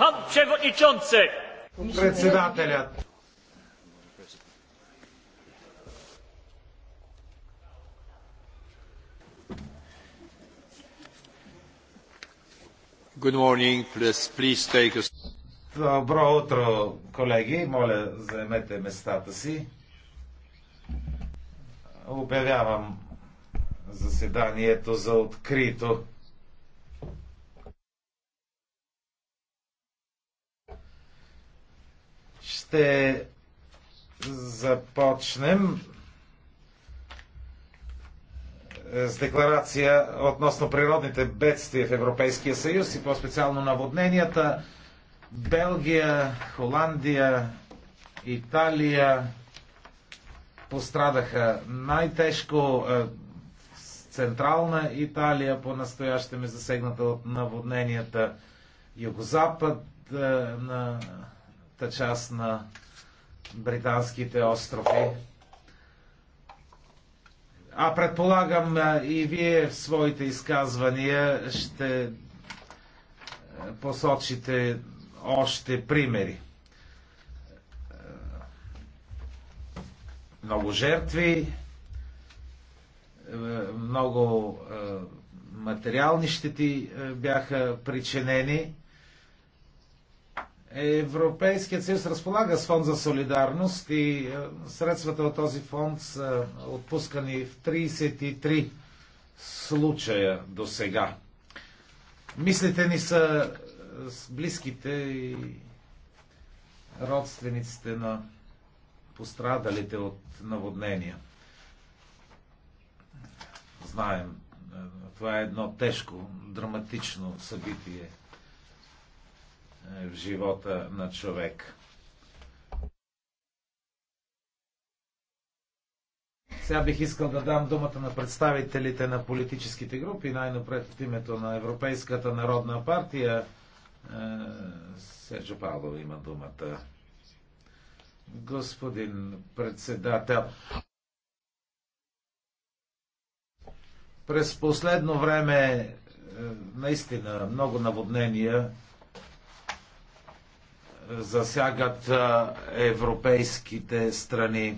Пан Чевоничонце! Председателят. Good morning. Please, please take Добро утро, колеги. Моля, заемете местата си. Обявявам заседанието за открито. ще започнем с декларация относно природните бедствия в Европейския съюз и по-специално наводненията. Белгия, Холандия, Италия пострадаха най-тежко. Е, Централна Италия по-настоящем е засегната от наводненията. Югозапад е, на южната част на британските острови. А предполагам и вие в своите изказвания ще посочите още примери. Много жертви, много материални щети бяха причинени Европейският съюз разполага с фонд за солидарност и е, средствата от този фонд са отпускани в 33 случая до сега. Мислите ни са е, с близките и родствениците на пострадалите от наводнения. Знаем, е, това е едно тежко, драматично събитие – в живота на човек. Сега бих искал да дам думата на представителите на политическите групи, най-напред от името на Европейската народна партия. Е, Серджо Павлов има думата. Господин председател, през последно време е, наистина много наводнения засягат европейските страни.